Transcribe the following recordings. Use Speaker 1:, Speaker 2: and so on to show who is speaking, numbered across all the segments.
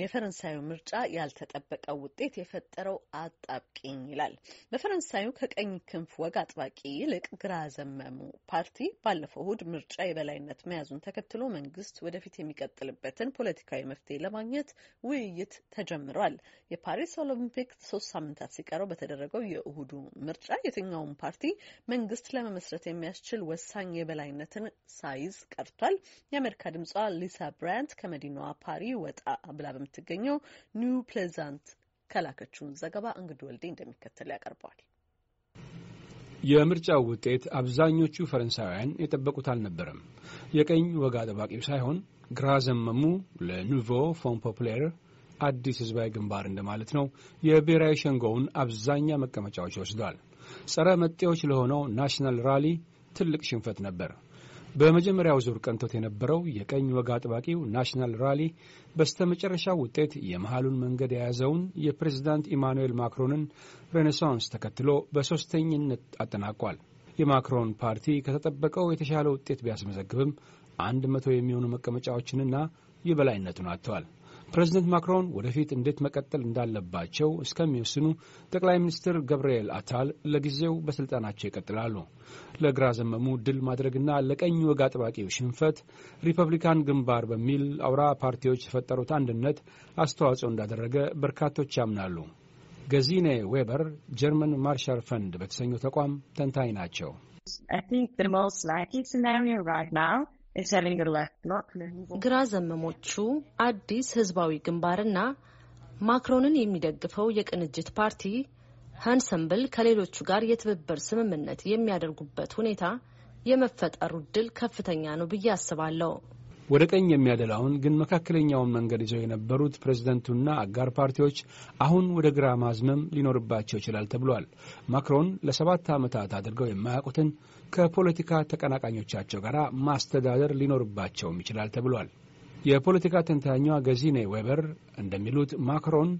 Speaker 1: የፈረንሳዩ ምርጫ ያልተጠበቀ ውጤት የፈጠረው አጣብቂኝ ይላል። በፈረንሳዩ ከቀኝ ክንፍ ወግ አጥባቂ ይልቅ ግራ ዘመሙ ፓርቲ ባለፈው እሁድ ምርጫ የበላይነት መያዙን ተከትሎ መንግስት ወደፊት የሚቀጥልበትን ፖለቲካዊ መፍትሄ ለማግኘት ውይይት ተጀምሯል። የፓሪስ ኦሎምፒክ ሶስት ሳምንታት ሲቀረው በተደረገው የእሁዱ ምርጫ የትኛውም ፓርቲ መንግስት ለመመስረት የሚያስችል ወሳኝ የበላይነትን ሳይዝ ቀርቷል። የአሜሪካ ድምጿ ሊሳ ብራያንት ከመዲናዋ ፓሪ ወጣ ብላ በምትገኘው ኒው ፕሌዛንት ከላከችውን ዘገባ እንግድ ወልዴ እንደሚከተል ያቀርበዋል።
Speaker 2: የምርጫው ውጤት አብዛኞቹ ፈረንሳውያን የጠበቁት አልነበረም። የቀኝ ወግ አጥባቂው ሳይሆን ግራ ዘመሙ ለኑቮ ፎን ፖፕሌር አዲስ ህዝባዊ ግንባር እንደማለት ነው። የብሔራዊ ሸንጎውን አብዛኛ መቀመጫዎች ወስዷል። ጸረ መጤዎች ለሆነው ናሽናል ራሊ ትልቅ ሽንፈት ነበር። በመጀመሪያው ዙር ቀንቶት የነበረው የቀኝ ወግ አጥባቂው ናሽናል ራሊ በስተመጨረሻው ውጤት የመሃሉን መንገድ የያዘውን የፕሬዝዳንት ኢማኑኤል ማክሮንን ሬኔሳንስ ተከትሎ በሦስተኝነት አጠናቋል። የማክሮን ፓርቲ ከተጠበቀው የተሻለ ውጤት ቢያስመዘግብም አንድ መቶ የሚሆኑ መቀመጫዎችንና የበላይነቱን አጥተዋል። ፕሬዚደንት ማክሮን ወደፊት እንዴት መቀጠል እንዳለባቸው እስከሚወስኑ ጠቅላይ ሚኒስትር ገብርኤል አታል ለጊዜው በስልጣናቸው ይቀጥላሉ። ለግራ ዘመሙ ድል ማድረግና ለቀኝ ወግ አጥባቂው ሽንፈት ሪፐብሊካን ግንባር በሚል አውራ ፓርቲዎች የፈጠሩት አንድነት አስተዋጽኦ እንዳደረገ በርካቶች ያምናሉ። ገዚኔ ዌበር ጀርመን ማርሻል ፈንድ በተሰኘው ተቋም ተንታኝ ናቸው።
Speaker 3: ግራ ዘመሞቹ አዲስ ህዝባዊ ግንባርና ማክሮንን የሚደግፈው የቅንጅት ፓርቲ ሀንሰንብል ከሌሎቹ ጋር የትብብር ስምምነት የሚያደርጉበት ሁኔታ የመፈጠሩ እድል ከፍተኛ ነው ብዬ አስባለሁ።
Speaker 2: ወደ ቀኝ የሚያደላውን ግን መካከለኛውን መንገድ ይዘው የነበሩት ፕሬዝደንቱና አጋር ፓርቲዎች አሁን ወደ ግራ ማዝመም ሊኖርባቸው ይችላል ተብሏል። ማክሮን ለሰባት ዓመታት አድርገው የማያውቁትን ከፖለቲካ ተቀናቃኞቻቸው ጋር ማስተዳደር ሊኖርባቸውም ይችላል ተብሏል። የፖለቲካ ተንታኟ ገዚኔ ዌበር እንደሚሉት ማክሮን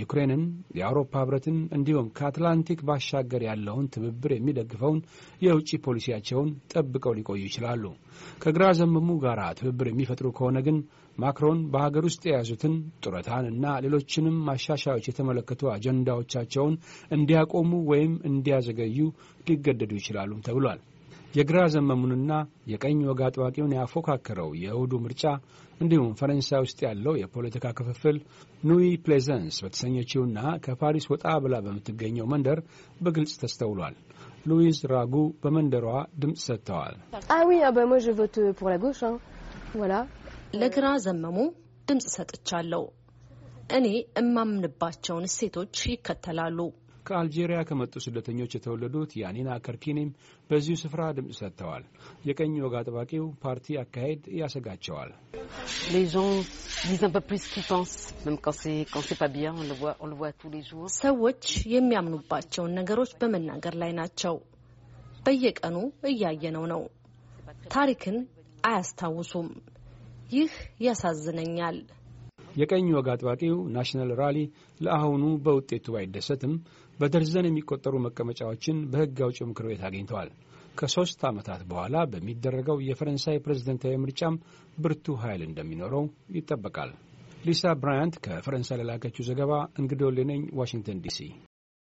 Speaker 2: ዩክሬንን፣ የአውሮፓ ህብረትን እንዲሁም ከአትላንቲክ ባሻገር ያለውን ትብብር የሚደግፈውን የውጭ ፖሊሲያቸውን ጠብቀው ሊቆዩ ይችላሉ። ከግራ ዘመሙ ጋር ትብብር የሚፈጥሩ ከሆነ ግን ማክሮን በሀገር ውስጥ የያዙትን ጡረታን እና ሌሎችንም ማሻሻዮች የተመለከቱ አጀንዳዎቻቸውን እንዲያቆሙ ወይም እንዲያዘገዩ ሊገደዱ ይችላሉም ተብሏል። የግራ ዘመሙንና የቀኝ ወግ አጥባቂውን ያፎካከረው የእሁዱ ምርጫ እንዲሁም ፈረንሳይ ውስጥ ያለው የፖለቲካ ክፍፍል ኑዊ ፕሌዘንስ በተሰኘችውና ከፓሪስ ወጣ ብላ በምትገኘው መንደር በግልጽ ተስተውሏል። ሉዊዝ ራጉ በመንደሯ ድምፅ ሰጥተዋል።
Speaker 3: ah ah ለግራ ዘመሙ ድምፅ ሰጥቻለሁ።
Speaker 2: እኔ እማምንባቸውን እሴቶች
Speaker 3: ይከተላሉ።
Speaker 2: ከአልጄሪያ ከመጡ ስደተኞች የተወለዱት ያኒና ከርኪኒም በዚሁ ስፍራ ድምፅ ሰጥተዋል። የቀኝ ወግ አጥባቂው ፓርቲ አካሄድ ያሰጋቸዋል።
Speaker 3: ሰዎች የሚያምኑባቸውን ነገሮች በመናገር ላይ ናቸው። በየቀኑ እያየነው ነው። ታሪክን አያስታውሱም። ይህ ያሳዝነኛል።
Speaker 2: የቀኝ ወግ አጥባቂው ናሽናል ራሊ ለአሁኑ በውጤቱ ባይደሰትም በደርዘን የሚቆጠሩ መቀመጫዎችን በሕግ አውጪው ምክር ቤት አግኝተዋል። ከሶስት ዓመታት በኋላ በሚደረገው የፈረንሳይ ፕሬዝደንታዊ ምርጫም ብርቱ ኃይል እንደሚኖረው ይጠበቃል። ሊሳ ብራያንት ከፈረንሳይ ለላከችው ዘገባ ሌነኝ ዋሽንግተን ዲሲ